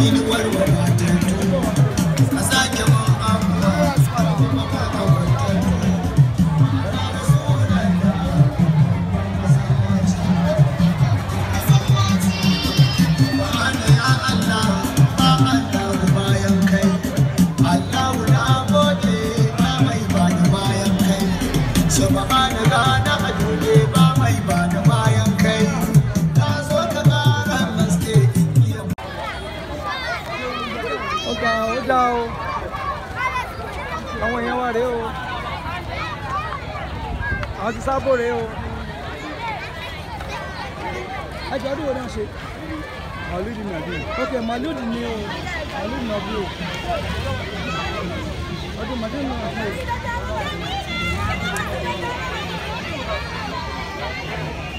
いいね終 sábò o ẹjọ́ ọdún wo náà ṣe màlúùdì nàbí o ok màlúùdì ni o màlúùdì nàbí o ọdún màlúùdì nàbí o.